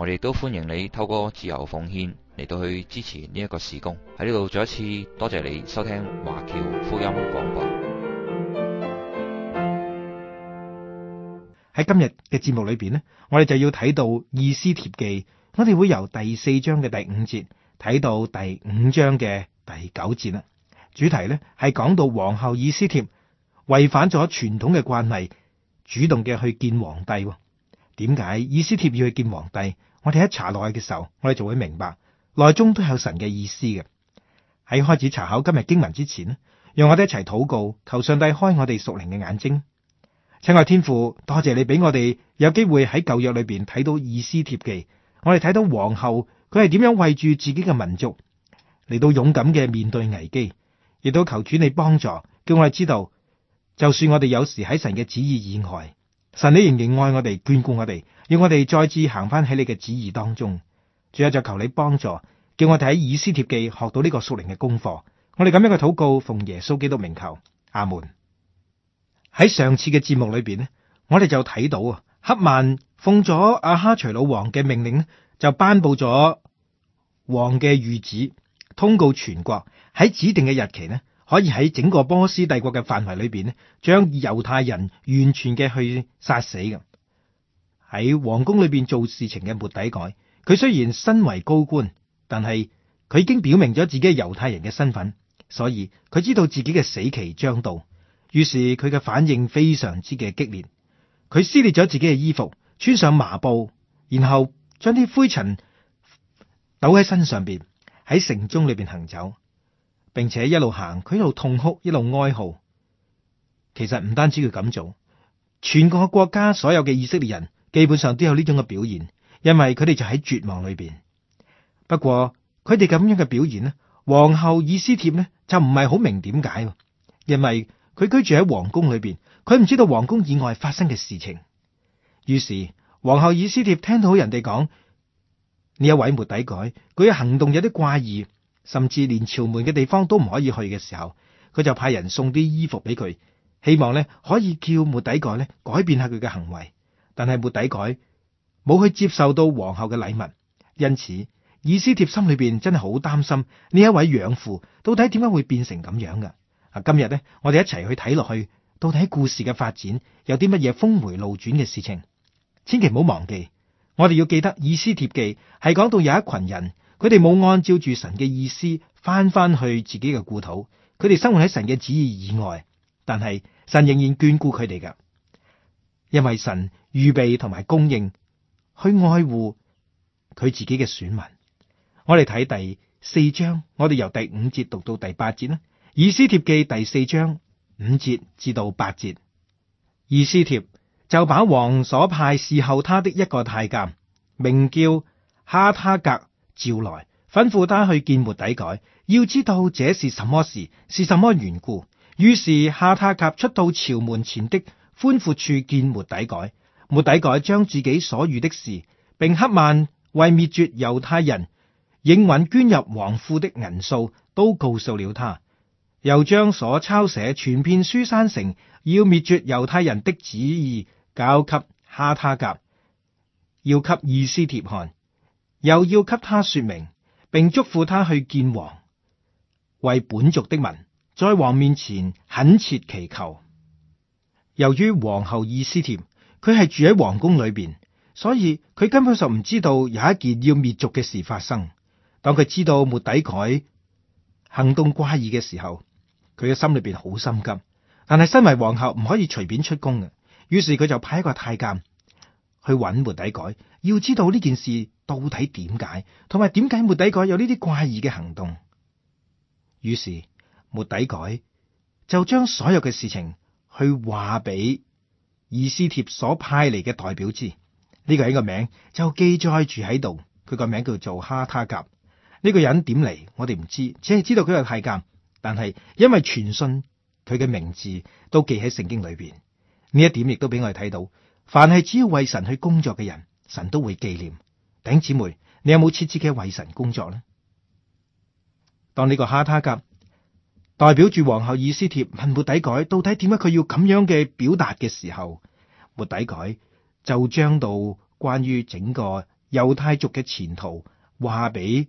我哋都歡迎你透過自由奉獻嚟到去支持呢一個事工。喺呢度再一次多謝你收聽華僑福音廣播。喺今日嘅節目裏邊呢，我哋就要睇到《以斯帖記》，我哋會由第四章嘅第五節睇到第五章嘅第九節啦。主題呢係講到皇后以斯帖違反咗傳統嘅慣例，主動嘅去見皇帝。點解以斯帖要去見皇帝？我哋一查落去嘅時候，我哋就會明白內中都有神嘅意思嘅。喺開始查考今日經文之前咧，讓我哋一齊禱告，求上帝開我哋屬靈嘅眼睛。親愛的天父，多謝你俾我哋有機會喺舊約裏邊睇到《以斯帖記》，我哋睇到王后佢係點樣為住自己嘅民族嚟到勇敢嘅面對危機，亦都求主你幫助，叫我哋知道，就算我哋有時喺神嘅旨意以外，神你仍然仍愛我哋，眷顧我哋。要我哋再次行翻喺你嘅旨意當中，最後就求你幫助，叫我哋喺以斯帖記學到呢個屬靈嘅功課。我哋咁樣去禱告，奉耶穌基督名求，阿門。喺上次嘅節目裏邊咧，我哋就睇到啊，黑曼奉咗亞哈隨魯王嘅命令咧，就頒布咗王嘅諭旨，通告全國喺指定嘅日期咧，可以喺整個波斯帝國嘅範圍裏邊咧，將猶太人完全嘅去殺死嘅。喺皇宮裏邊做事情嘅末底改，佢雖然身為高官，但係佢已經表明咗自己係猶太人嘅身份，所以佢知道自己嘅死期將到，於是佢嘅反應非常之嘅激烈，佢撕裂咗自己嘅衣服，穿上麻布，然後將啲灰塵抖喺身上邊，喺城中裏邊行走，並且一路行佢一路痛哭，一路哀號。其實唔單止佢咁做，全國國家所有嘅以色列人。基本上都有呢種嘅表現，因為佢哋就喺絕望裏邊。不過佢哋咁樣嘅表現咧，皇后以斯帖咧就唔係好明點解，因為佢居住喺皇宮裏邊，佢唔知道皇宮以外發生嘅事情。於是皇后以斯帖聽到人哋講呢一位末底改，佢嘅行動有啲怪異，甚至連朝門嘅地方都唔可以去嘅時候，佢就派人送啲衣服俾佢，希望咧可以叫末底改咧改變下佢嘅行為。但係末底改，冇去接受到皇后嘅禮物，因此以斯帖心裏邊真係好擔心呢一位養父到底點解會變成咁樣噶？啊，今日呢，我哋一齊去睇落去，到底故事嘅發展有啲乜嘢峰回路轉嘅事情？千祈唔好忘記，我哋要記得以斯帖記係講到有一群人，佢哋冇按照住神嘅意思返返去自己嘅故土，佢哋生活喺神嘅旨意以外，但係神仍然眷顧佢哋噶。因為神預備同埋供應去愛護佢自己嘅選民，我哋睇第四章，我哋由第五節讀到第八節啦，《以斯帖記》第四章五節至到八節，《以斯帖》就把王所派侍候他的一個太監，名叫哈塔格召來，吩咐他去見末底改，要知道這是什麼事，是什麼緣故。於是哈塔格出到朝門前的。寬闊處見沒底改，沒底改將自己所遇的事，並哈曼為滅絕猶太人應允捐入王庫的銀數，都告訴了他。又將所抄寫傳遍書珊城要滅絕猶太人的旨意交給哈他甲，要給以斯帖看，又要給他說明，並囑咐他去見王，為本族的民在王面前懇切祈求。由於皇后以斯帖，佢係住喺皇宮裏邊，所以佢根本就唔知道有一件要滅族嘅事發生。當佢知道末底改行動怪異嘅時候，佢嘅心裏邊好心急。但係身為皇后唔可以隨便出宮嘅，於是佢就派一個太監去揾末底改，要知道呢件事到底點解，同埋點解末底改有呢啲怪異嘅行動。於是末底改就將所有嘅事情，去話俾以斯帖所派嚟嘅代表知，呢個係一個名就記載住喺度。佢個名叫做哈他甲。呢個人點嚟我哋唔知，只係知道佢係太監。但係因為傳信，佢嘅名字都記喺聖經裏邊。呢一點亦都俾我哋睇到，凡係只要為神去工作嘅人，神都會紀念。頂姊妹，你有冇設置嘅為神工作呢？當呢個哈他甲。代表住皇后以斯帖問，沒底改到底點解佢要咁樣嘅表達嘅時候，沒底改就將到關於整個猶太族嘅前途話俾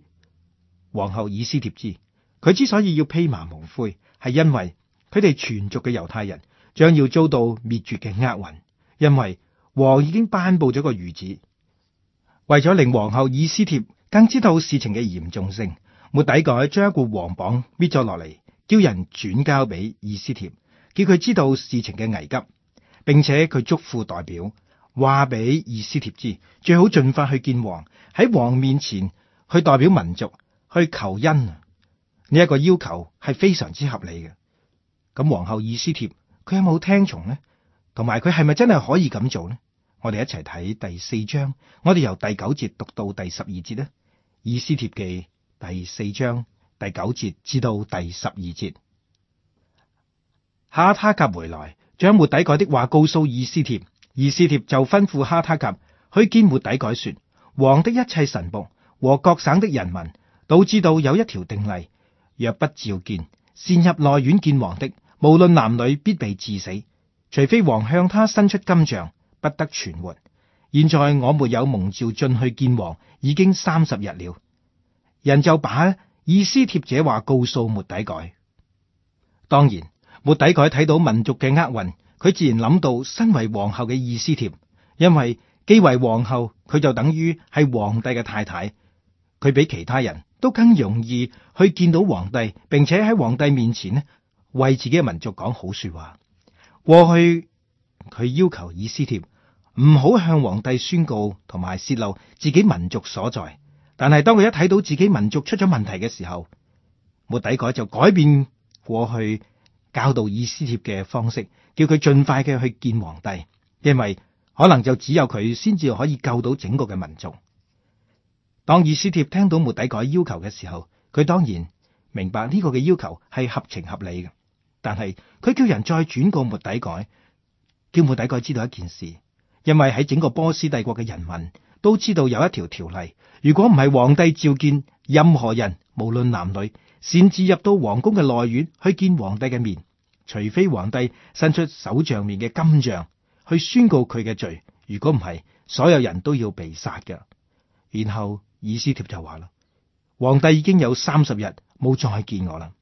皇后以斯帖知。佢之所以要披麻蒙灰，係因為佢哋全族嘅猶太人將要遭到滅絕嘅厄運，因為王已經頒布咗個諭旨，為咗令皇后以斯帖更知道事情嘅嚴重性，沒底改將一個皇榜搣咗落嚟。叫人轉交俾以斯帖，叫佢知道事情嘅危急，並且佢囑咐代表話俾以斯帖知，最好盡快去見王，喺王面前去代表民族去求恩。呢一個要求係非常之合理嘅。咁皇后以斯帖，佢有冇聽從呢？同埋佢係咪真係可以咁做呢？我哋一齊睇第四章，我哋由第九節讀到第十二節咧，《以斯帖記》第四章。第九節至到第十二節，哈他格回來，將末底改的話告訴以斯帖，以斯帖就吩咐哈他格去見末底改說：王的一切臣僕和各省的人民都知道有一條定例，若不召見，擅入內院見王的，無論男女，必被致死，除非王向他伸出金杖，不得存活。現在我沒有蒙召進去見王，已經三十日了，人就把。以斯帖者話：告訴末底改，當然末底改睇到民族嘅厄運，佢自然諗到身為皇后嘅以斯帖，因為既為皇后，佢就等於係皇帝嘅太太，佢比其他人都更容易去見到皇帝，並且喺皇帝面前呢，為自己嘅民族講好說話。過去佢要求以斯帖唔好向皇帝宣告同埋洩露自己民族所在。但係當佢一睇到自己民族出咗問題嘅時候，末底改就改變過去教導以斯帖嘅方式，叫佢盡快嘅去見皇帝，因為可能就只有佢先至可以救到整個嘅民族。當以斯帖聽到末底改要求嘅時候，佢當然明白呢個嘅要求係合情合理嘅，但係佢叫人再轉告末底改，叫末底改知道一件事，因為喺整個波斯帝國嘅人民。都知道有一條條例，如果唔係皇帝召見，任何人無論男女，擅自入到皇宮嘅內院去見皇帝嘅面，除非皇帝伸出手上面嘅金杖去宣告佢嘅罪，如果唔係，所有人都要被殺噶。然後，以斯帖就話啦，皇帝已經有三十日冇再見我啦。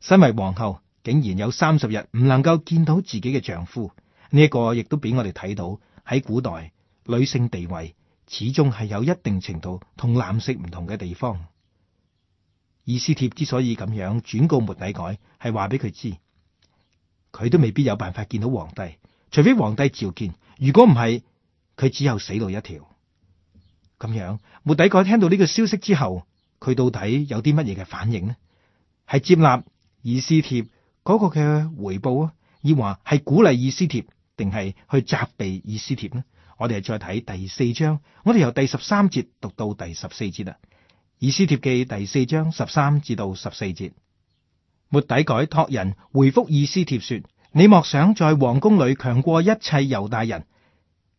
身為皇后，竟然有三十日唔能夠見到自己嘅丈夫，呢、這、一個亦都俾我哋睇到喺古代女性地位。始終係有一定程度同藍色唔同嘅地方。以斯帖之所以咁樣轉告末底改，係話俾佢知，佢都未必有辦法見到皇帝，除非皇帝召見。如果唔係，佢只有死路一條。咁樣，末底改聽到呢個消息之後，佢到底有啲乜嘢嘅反應呢？係接納以斯帖嗰個嘅回報啊，抑或係鼓勵以斯帖，定係去責備以斯帖呢？我哋再睇第四章，我哋由第十三節讀到第十四節啦，《以斯帖記》第四章十三至到十四節，末底改託人回復以斯帖說：，你莫想在王宮裏強過一切猶大人，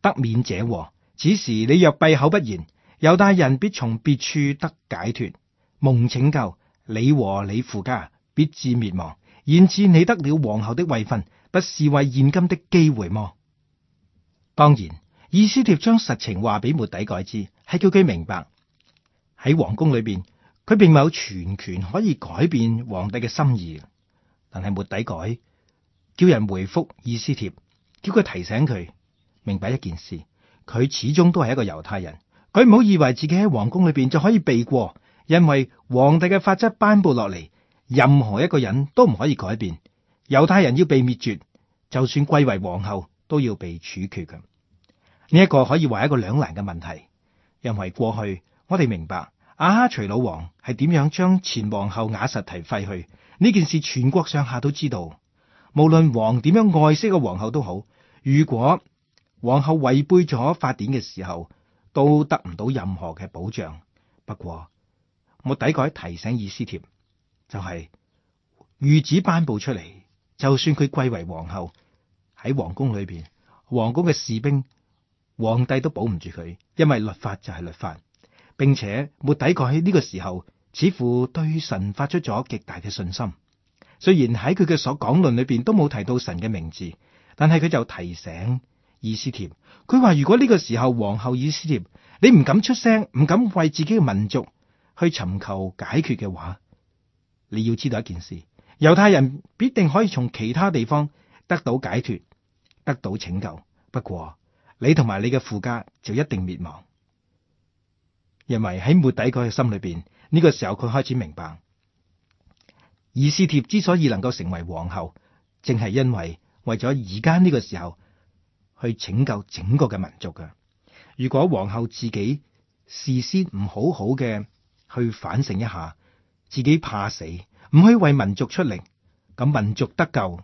得免這禍。此時你若閉口不言，猶大人必從別處得解脫，蒙拯救。你和你父家必至滅亡。焉知你得了王后的位分，不是為現今的機會嗎？當然。以斯帖將實情話俾末底改知，係叫佢明白喺皇宮裏邊，佢並冇全權可以改變皇帝嘅心意。但係末底改叫人回複以斯帖，叫佢提醒佢明白一件事：，佢始終都係一個猶太人，佢唔好以為自己喺皇宮裏邊就可以避過，因為皇帝嘅法則頒布落嚟，任何一個人都唔可以改變，猶太人要被滅絕，就算貴為皇后，都要被處決嘅。呢一個可以話一個兩難嘅問題，因為過去我哋明白亞哈、啊、隨魯王係點樣將前皇后瓦實提廢去呢件事，全國上下都知道。無論王點樣愛惜個皇后都好，如果皇后違背咗法典嘅時候，都得唔到任何嘅保障。不過末底改提醒，以斯帖就係、是、御旨頒布出嚟，就算佢貴為皇后喺皇宮裏邊，皇宮嘅士兵。皇帝都保唔住佢，因為律法就係律法，並且末底改喺呢個時候，似乎對神發出咗極大嘅信心。雖然喺佢嘅所講論裏邊都冇提到神嘅名字，但係佢就提醒以斯帖，佢話如果呢個時候皇后以斯帖你唔敢出聲，唔敢為自己嘅民族去尋求解決嘅話，你要知道一件事，猶太人必定可以從其他地方得到解脫，得到拯救。不過。你同埋你嘅父家就一定滅亡，因為喺末底改佢嘅心裏邊，呢、這個時候佢開始明白，以斯帖之所以能夠成為皇后，正係因為為咗而家呢個時候去拯救整個嘅民族嘅。如果皇后自己事先唔好好嘅去反省一下，自己怕死，唔可以為民族出力，咁民族得救，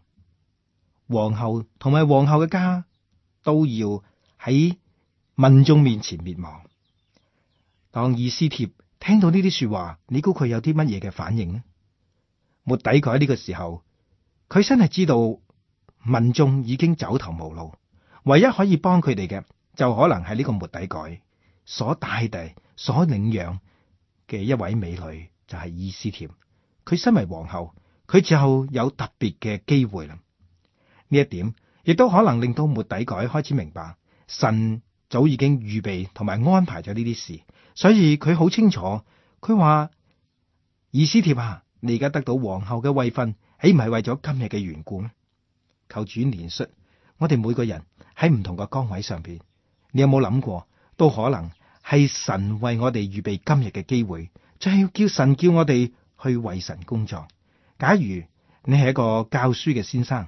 皇后同埋皇后嘅家都要喺民眾面前滅亡，當以斯帖聽到呢啲說話，你估佢有啲乜嘢嘅反應呢？末底改呢個時候，佢真係知道民眾已經走投無路，唯一可以幫佢哋嘅就可能係呢個末底改所帶大所領養嘅一位美女，就係以斯帖。佢身為皇后，佢就有特別嘅機會啦。呢一點亦都可能令到末底改開始明白。神早已經預備同埋安排咗呢啲事，所以佢好清楚。佢話以斯帖啊，你而家得到皇后嘅位份，豈唔係為咗今日嘅緣故？求主憐恤我哋每個人喺唔同嘅崗位上邊，你有冇諗過，都可能係神為我哋預備今日嘅機會，就係要叫神叫我哋去為神工作。假如你係一個教書嘅先生。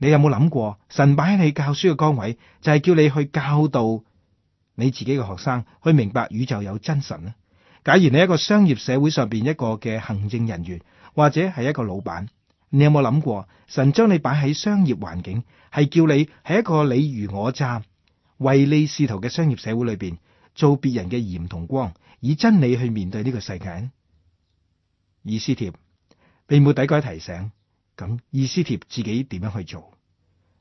你有冇諗過，神擺喺你教書嘅崗位，就係、是、叫你去教導你自己嘅學生，去明白宇宙有真神呢？假如你係一個商業社會上邊一個嘅行政人員，或者係一個老闆，你有冇諗過，神將你擺喺商業環境，係叫你喺一個爾虞我詐、唯利是圖嘅商業社會裏邊，做別人嘅鹽同光，以真理去面對呢個世界？以斯帖，俾末底改提醒。咁，以斯帖自己點樣去做？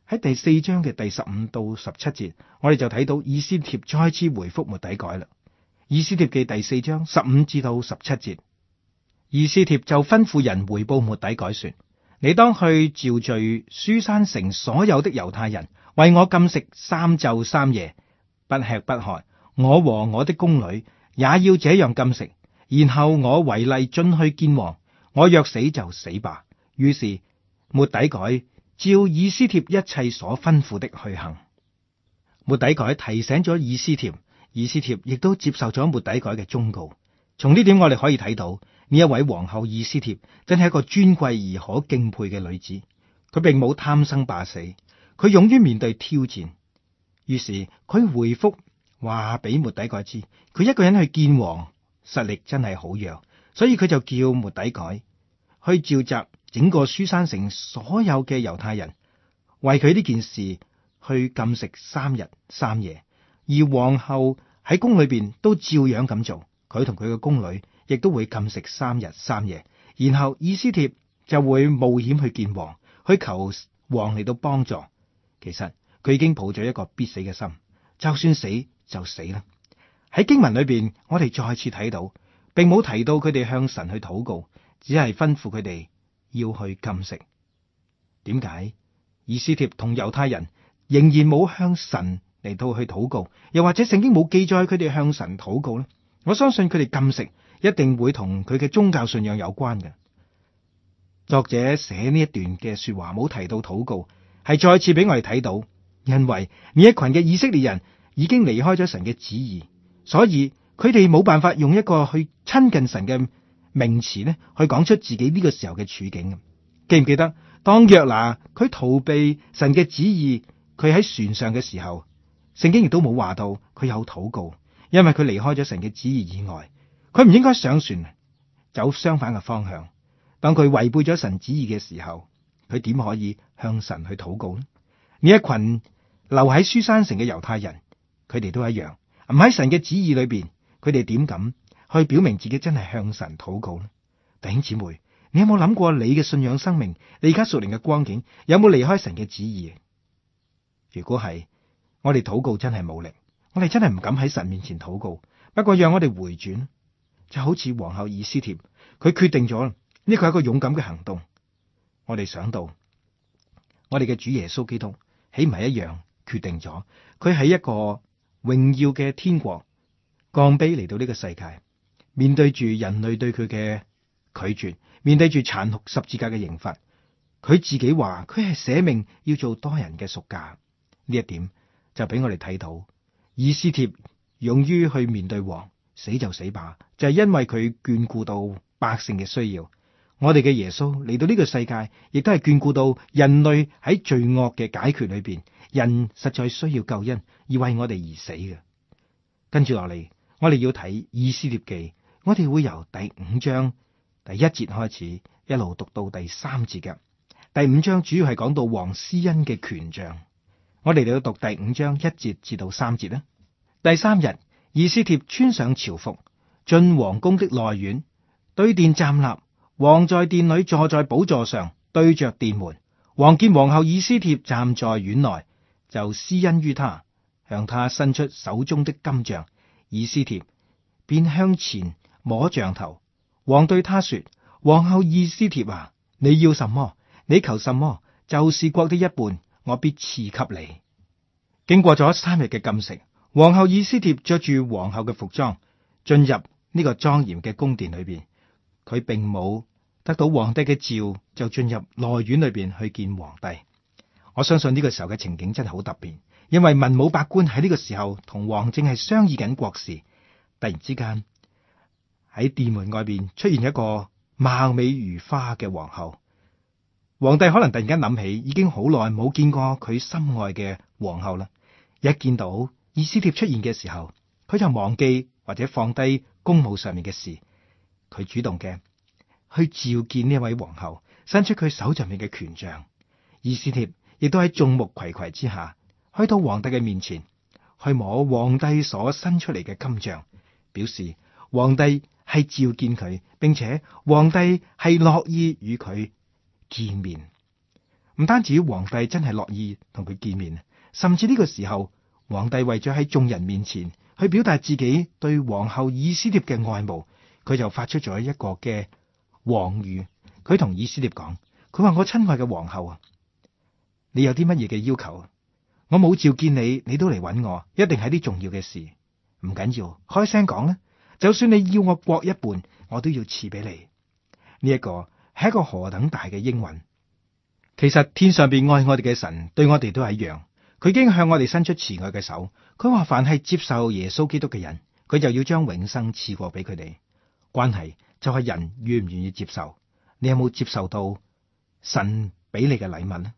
喺第四章嘅第十五到十七節，我哋就睇到以斯帖再次回覆末底改啦。以斯帖嘅第四章十五至到十七節，以斯帖就吩咐人回報末底改說：你當去招聚書珊城所有的猶太人，為我禁食三晝三夜，不吃不喝。我和我的宮女也要這樣禁食。然後我違例進去見王，我若死就死吧。於是。末底改，照以斯帖一切所吩咐的去行。末底改提醒咗以斯帖，以斯帖亦都接受咗末底改嘅忠告。從呢點我哋可以睇到，呢一位皇后以斯帖真係一個尊貴而可敬佩嘅女子。佢並冇貪生怕死，佢勇於面對挑戰。於是佢回覆話俾末底改知，佢一個人去見王，實力真係好弱，所以佢就叫末底改去召集。整個書珊城所有嘅猶太人為佢呢件事去禁食三日三夜，而皇后喺宮裏邊都照樣咁做，佢同佢嘅宮女亦都會禁食三日三夜，然後以斯帖就會冒險去見王，去求王嚟到幫助。其實佢已經抱咗一個必死嘅心，就算死就死啦。喺經文裏邊，我哋再次睇到，並冇提到佢哋向神去禱告，只係吩咐佢哋，要去禁食。點解以斯帖同猶太人仍然冇向神嚟到去禱告？又或者聖經冇記載佢哋向神禱告呢？我相信佢哋禁食一定會同佢嘅宗教信仰有關嘅。作者寫呢一段嘅說話冇提到禱告，係再次俾我哋睇到。因為呢一群嘅以色列人已經離開咗神嘅旨意，所以佢哋冇辦法用一個去親近神嘅。名詞咧，去講出自己呢個時候嘅處境，記唔記得？當約拿佢逃避神嘅旨意，佢喺船上嘅時候，聖經亦都冇話到佢有禱告，因為佢離開咗神嘅旨意以外，佢唔應該上船，走相反嘅方向。當佢違背咗神旨意嘅時候，佢點可以向神去禱告呢？呢一群留喺書山城嘅猶太人，佢哋都一樣，唔喺神嘅旨意裏邊，佢哋點敢？去表明自己真係向神禱告咧，弟兄姊妹，你有冇諗過你嘅信仰生命，你而家屬靈嘅光景，有冇離開神嘅旨意？如果係，我哋禱告真係冇力，我哋真係唔敢喺神面前禱告。不過讓我哋回轉，就好似皇后以斯帖，佢決定咗，呢個係一個勇敢嘅行動。我哋想到，我哋嘅主耶穌基督豈唔係一樣決定咗？佢係一個榮耀嘅天國降卑嚟到呢個世界。面對住人類對佢嘅拒絕，面對住殘酷十字架嘅刑罰，佢自己話：佢係捨命要做多人嘅贖價。呢一點就俾我哋睇到，以斯帖勇於去面對王，死就死吧，就係、是、因為佢眷顧到百姓嘅需要。我哋嘅耶穌嚟到呢個世界，亦都係眷顧到人類喺罪惡嘅解決裏邊，人實在需要救恩而為我哋而死嘅。跟住落嚟，我哋要睇以斯帖記。我哋會由第五章第一節開始，一路讀到第三節嘅。第五章主要係講到王施恩嘅權杖，我哋要讀第五章一節至到三節啦。第三日，以斯帖穿上朝服，進王宮的內院，對殿站立。王在殿裏坐在寶座上，對着殿門。王見王后以斯帖站在院內，就施恩於他，向他伸出手中的金杖。以斯帖便向前。摸杖頭，王對他說：皇后以斯帖啊，你要什麼？你求什麼？就是國的一半，我必賜給你。經過咗三日嘅禁食，皇后以斯帖着住皇后嘅服裝，進入呢個莊嚴嘅宮殿裏邊。佢並冇得到皇帝嘅召，就進入內院裏邊去見皇帝。我相信呢個時候嘅情景真係好特別，因為文武百官喺呢個時候同王正係商議緊國事，突然之間。喺殿門外邊出現一個貌美如花嘅皇后，皇帝可能突然間諗起已經好耐冇見過佢心愛嘅皇后啦。一見到以斯帖出現嘅時候，佢就忘記或者放低公務上面嘅事，佢主動嘅去召見呢位皇后，伸出佢手上面嘅權杖，以斯帖亦都喺眾目睽睽之下去到皇帝嘅面前，去摸皇帝所伸出嚟嘅金杖，表示皇帝。係召見佢，並且皇帝係樂意與佢見面。唔單止皇帝真係樂意同佢見面，甚至呢個時候，皇帝為咗喺眾人面前去表達自己對皇后以斯帖嘅愛慕，佢就發出咗一個嘅皇諭。佢同以斯帖講：佢話我親愛嘅皇后啊，你有啲乜嘢嘅要求？我冇召見你，你都嚟搵我，一定係啲重要嘅事。唔緊要，開聲講啦。就算你要我國一半，我都要賜俾你。呢一個係一個何等大嘅應允。其實天上邊愛我哋嘅神對我哋都係一樣，佢已經向我哋伸出慈愛嘅手。佢話凡係接受耶穌基督嘅人，佢就要將永生賜過俾佢哋。關係就係人願唔願意接受。你有冇接受到神俾你嘅禮物呢？呢、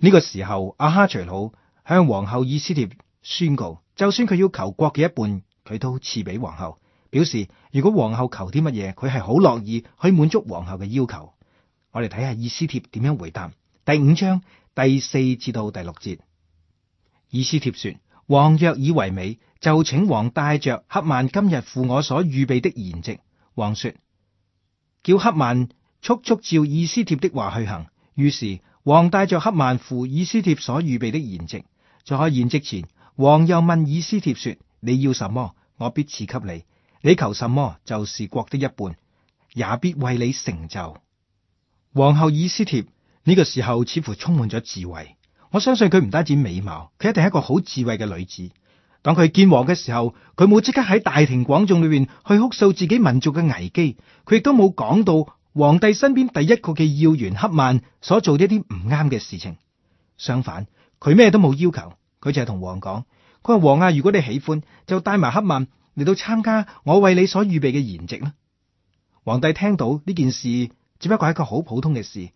這個時候，亞哈隨魯向皇后以斯帖宣告，就算佢要求國嘅一半，佢都賜俾皇后。表示如果皇后求啲乜嘢，佢係好樂意可以滿足皇后嘅要求。我哋睇下，以斯帖點樣回答？第五章第四至到第六節，以斯帖說：王若以為美，就請王帶着黑曼今日赴我所預備的筵席。王說：叫黑曼速速照以斯帖的話去行。於是王帶着黑曼赴以斯帖所預備的筵席。在宴席前，王又問以斯帖說：你要什麼？我必賜給你。你求什麼，就是國的一半，也必為你成就。皇后以斯帖呢個時候似乎充滿咗智慧，我相信佢唔單止美貌，佢一定係一個好智慧嘅女子。當佢見王嘅時候，佢冇即刻喺大庭廣眾裏邊去哭訴自己民族嘅危機，佢亦都冇講到皇帝身邊第一個嘅要員黑曼所做一啲唔啱嘅事情。相反，佢咩都冇要求，佢就係同王講，佢話王啊，如果你喜歡，就帶埋黑曼。嚟到參加我為你所預備嘅筵席呢？皇帝聽到呢件事，只不過係一個好普通嘅事，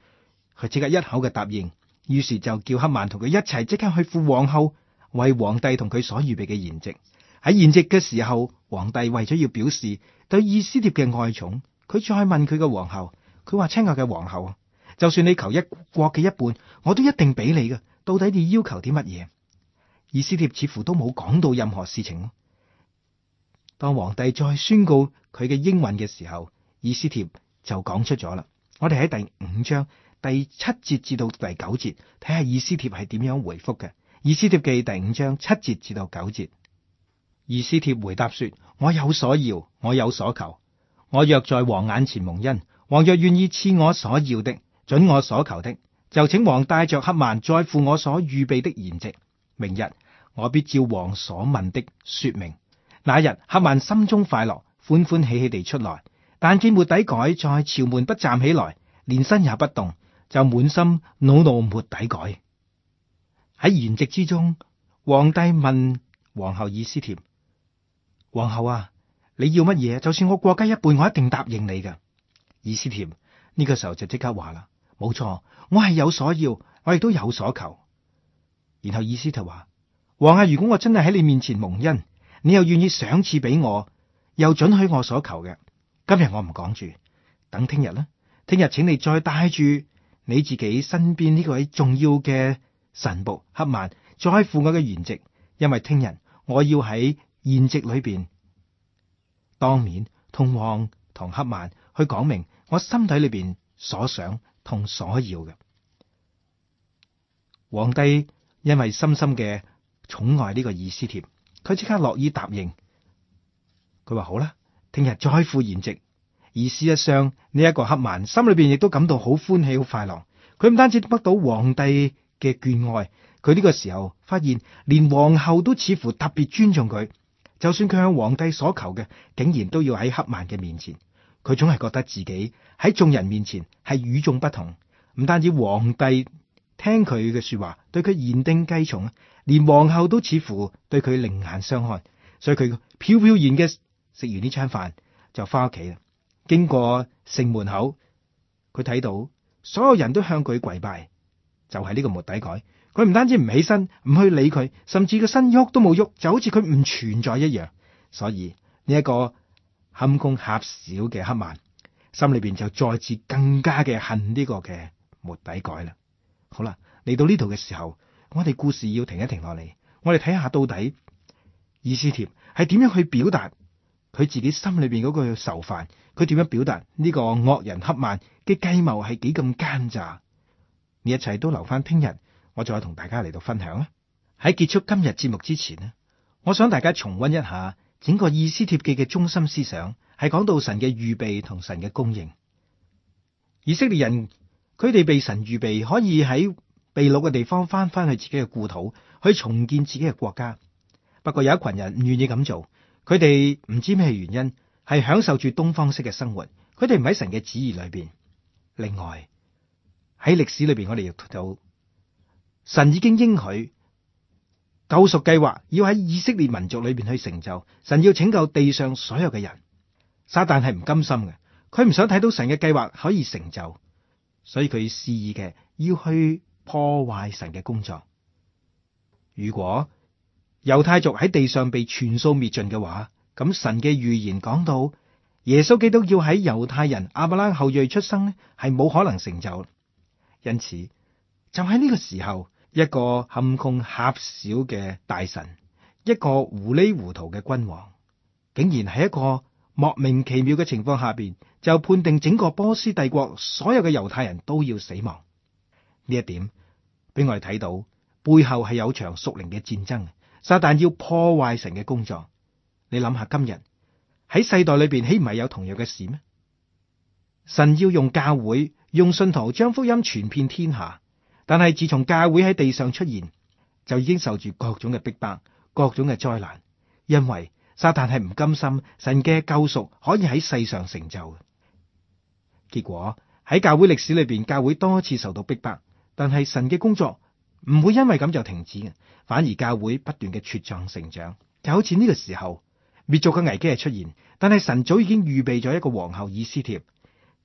佢即刻一口嘅答應，於是就叫黑曼同佢一齊即刻去赴皇后為皇帝同佢所預備嘅筵席。喺筵席嘅時候，皇帝為咗要表示對以斯帖嘅愛寵，佢再問佢嘅皇后，佢話，親愛嘅皇后，就算你求一國嘅一半，我都一定俾你嘅。到底你要求啲乜嘢？以斯帖似乎都冇講到任何事情。當皇帝再宣告佢嘅英文嘅時候，以斯帖就講出咗啦。我哋喺第五章第七節至到第九節睇下以斯帖係點樣回覆嘅。以斯帖記第五章七節至到九節，以斯帖回答說：我有所要，我有所求，我若在王眼前蒙恩，王若願意賜我所要的，準我所求的，就請王帶着黑曼再赴我所預備的筵席。明日我必照王所問的說明。那日哈曼心中快樂，歡歡喜喜地出來，但見末底改在朝門不站起來，連身也不動，就滿心惱怒末底改。喺筵席之中，皇帝問皇后以斯帖，皇后啊，你要乜嘢？就算我國家一半，我一定答應你嘅。以斯帖呢、這個時候就即刻話啦，冇錯，我係有所要，我亦都有所求。然後以斯帖就話，皇阿，如果我真係喺你面前蒙恩。你又願意賞賜俾我，又准許我所求嘅。今日我唔講住，等聽日啦。聽日請你再帶住你自己身邊呢位重要嘅神僕黑曼，再赴我嘅筵席，因為聽日我要喺筵席裏邊當面同王同黑曼去講明我心底裏邊所想同所要嘅。皇帝因為深深嘅寵愛呢個以斯帖。佢即刻樂意答應，佢話好啦，聽日再赴筵席。而事實上，呢一個黑曼心裏邊亦都感到好歡喜、好快樂。佢唔單止得到皇帝嘅眷愛，佢呢個時候發現，連皇后都似乎特別尊重佢。就算佢向皇帝所求嘅，竟然都要喺黑曼嘅面前，佢總係覺得自己喺眾人面前係與眾不同。唔單止皇帝。聽佢嘅說話，對佢言聽計從，啊！連皇后都似乎對佢另眼相看，所以佢飄飄然嘅食完呢餐飯就返屋企啦。經過城門口，佢睇到所有人都向佢跪拜，就係、是、呢個末底改。佢唔單止唔起身，唔去理佢，甚至個身喐都冇喐，就好似佢唔存在一樣。所以呢一、這個堪公狹小嘅黑暗，心裏面就再次更加嘅恨呢個嘅末底改啦。好啦，嚟到呢度嘅時候，我哋故事要停一停落嚟，我哋睇下到底以斯帖係點樣去表達佢自己心裏邊嗰個愁煩，佢點樣表達呢個惡人哈曼嘅計謀係幾咁奸詐？呢一切都留翻聽日，我再同大家嚟到分享啊！喺結束今日節目之前咧，我想大家重溫一下整個以斯帖記嘅中心思想，係講到神嘅預備同神嘅供應，以色列人。佢哋被神預備可以喺被擄嘅地方翻翻去自己嘅故土，去重建自己嘅國家。不過有一群人唔願意咁做，佢哋唔知咩原因，係享受住東方式嘅生活。佢哋唔喺神嘅旨意裏邊。另外喺歷史裏邊，我哋亦讀到神已經應許救贖計劃要喺以色列民族裏邊去成就。神要拯救地上所有嘅人。撒旦係唔甘心嘅，佢唔想睇到神嘅計劃可以成就。所以佢示意嘅要去破壞神嘅工作。如果猶太族喺地上被全數滅盡嘅話，咁神嘅預言講到，耶穌基督要喺猶太人亞伯拉罕後裔出生咧，係冇可能成就。因此，就喺呢個時候，一個陷胸狹小嘅大臣，一個糊里糊塗嘅君王，竟然係一個。莫名其妙嘅情況下邊，就判定整個波斯帝國所有嘅猶太人都要死亡。呢一點俾我哋睇到背後係有場屬靈嘅戰爭，撒旦要破壞神嘅工作。你諗下今日喺世代裏邊，豈唔係有同樣嘅事咩？神要用教會、用信徒將福音傳遍天下，但係自從教會喺地上出現，就已經受住各種嘅逼迫、迫、各種嘅災難，因為。撒旦係唔甘心神嘅救贖可以喺世上成就。結果喺教會歷史裏邊，教會多次受到逼迫，但係神嘅工作唔會因為咁就停止，反而教會不斷嘅茁壯成長。就好似呢個時候滅族嘅危機係出現，但係神早已經預備咗一個皇后以斯帖，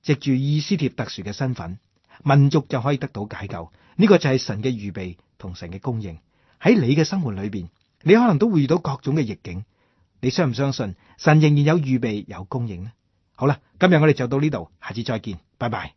藉住以斯帖特殊嘅身份，民族就可以得到解救。呢個就係神嘅預備同神嘅供應。喺你嘅生活裏邊，你可能都會遇到各種嘅逆境。你相唔相信神仍然有預備有供應呢？好啦，今日我哋就到呢度，下次再見，拜拜。